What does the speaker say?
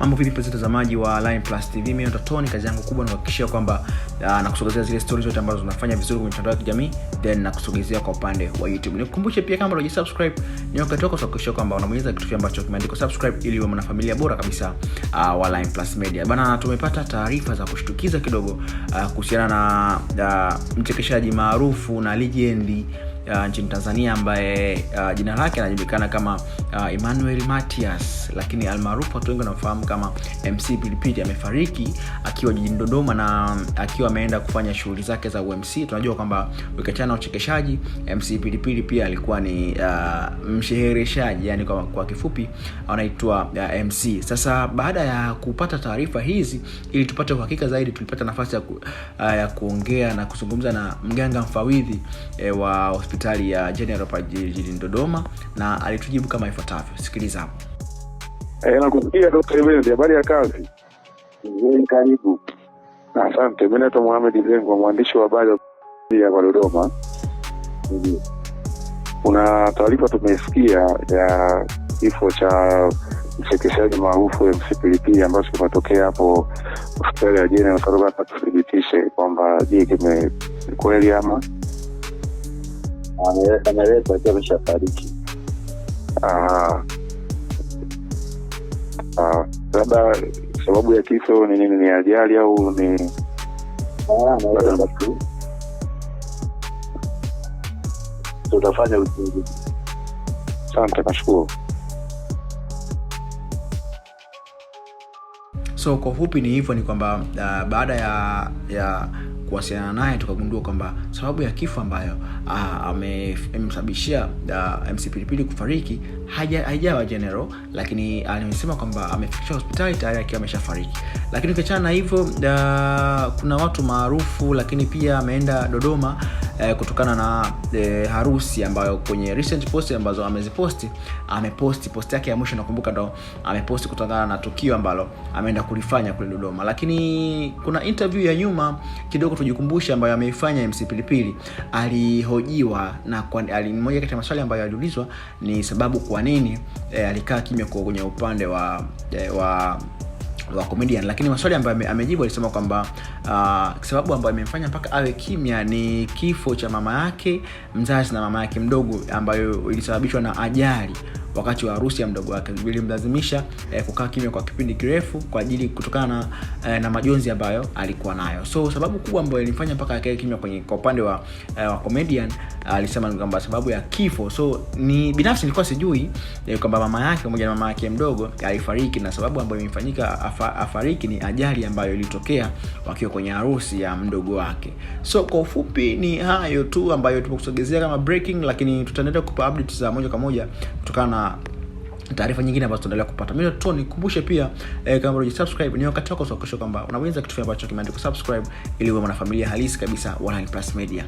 Mambo vipi pezi mtazamaji wa Line Plus TV, mimi ndo Tony, kazi yangu kubwa ni kuhakikishia kwamba ah, nakusogezea zile stories zote ambazo zinafanya vizuri kwenye mtandao ya kijamii then nakusogezea kwa upande wa YouTube. Nikukumbushe pia kama hujaji subscribe, ni wakati wako kuhakikisha kwamba unabonyeza kitu ambacho kimeandikwa subscribe ili uwe mwanafamilia bora kabisa uh, wa Line Plus Media. Bana, tumepata taarifa za kushtukiza kidogo uh, kuhusiana na uh, mchekeshaji maarufu na legendi uh, nchini Tanzania ambaye uh, jina lake anajulikana kama uh, Emmanuel Matias, lakini almaarufu watu wengi wanamfahamu kama MC Pilipili amefariki akiwa jijini Dodoma na um, akiwa ameenda kufanya shughuli zake za UMC. Tunajua kwamba ukiachana na uchekeshaji, MC Pilipili pia alikuwa ni uh, mshehereshaji, yani kwa, kwa kifupi anaitwa uh, MC. Sasa baada ya kupata taarifa hizi, ili tupate uhakika zaidi, tulipata nafasi ya, ku, uh, ya kuongea na kuzungumza na mganga mfawidhi eh, wa hospitali hospitali ya General pa jijini Dodoma na alitujibu kama ifuatavyo. Sikiliza hapo. Eh, nakusikia Dr. Ibn, habari ya kazi? ni karibu. Asante. Mimi naitwa Mohamed Ibn, mwandishi wa habari hapa Dodoma. Kuna taarifa tumesikia ya kifo cha mchekeshaji maarufu MC Pilipili ambacho kimetokea hapo hospitali ya General. Tuthibitishe kwamba je, kimekweli ama ameshafariki. Ah. Ah, labda sababu ya kifo ni nini? Ni ajali au ni ah, utafanya uchunguzi. nashukuru. So kwa ufupi ni hivyo, ni kwamba uh, baada ya ya kuwasiliana naye tukagundua kwamba sababu ya kifo ambayo ah, amemsababishia ah, MC Pilipili kufariki haijawa general, lakini alimsema kwamba amefikisha hospitali tayari akiwa ameshafariki. Lakini ukiachana na hivyo, ah, kuna watu maarufu, lakini pia ameenda Dodoma eh, kutokana na eh, harusi ambayo kwenye recent post ambazo ameziposti ameposti post yake ya mwisho nakumbuka ndo ameposti kutokana na tukio ambalo ameenda kulifanya kule Dodoma, lakini kuna interview ya nyuma kidogo tujikumbushe, ambayo ameifanya MC Pilipili. Alihojiwa na mmoja kati ya maswali ambayo aliulizwa ni sababu kwa nini eh, alikaa kimya kwenye upande wa eh, wa wa comedian, lakini maswali ambayo amejibu alisema kwamba uh, sababu ambayo imemfanya mpaka awe kimya ni kifo cha mama yake mzazi na mama yake mdogo ambayo ilisababishwa na ajali wakati wa harusi ya mdogo wake. vilimlazimisha eh, kukaa kimya kwa kipindi kirefu kwa ajili kutokana na, eh, na majonzi ambayo alikuwa nayo. So sababu kubwa ambayo ilimfanya mpaka akae kimya kwenye kwa upande wa, eh, wa comedian alisema ni kwamba sababu ya kifo. So ni binafsi nilikuwa sijui eh, kwamba mama yake pamoja na mama yake mdogo alifariki, na sababu ambayo imefanyika afa, afariki ni ajali ambayo ilitokea wakiwa kwenye harusi ya mdogo wake. So kwa ufupi ni hayo tu ambayo tumekusogezea kama breaking, lakini tutaendelea kupa update za moja kwa moja kutokana na taarifa nyingine ambazo tunaendelea kupata. Mimi tu nikumbushe pia eh, kama bado subscribe ni wakati wako sasa kwamba unaweza kitu ambacho kimeandikwa subscribe ili uwe mwanafamilia halisi kabisa wa Plus Media.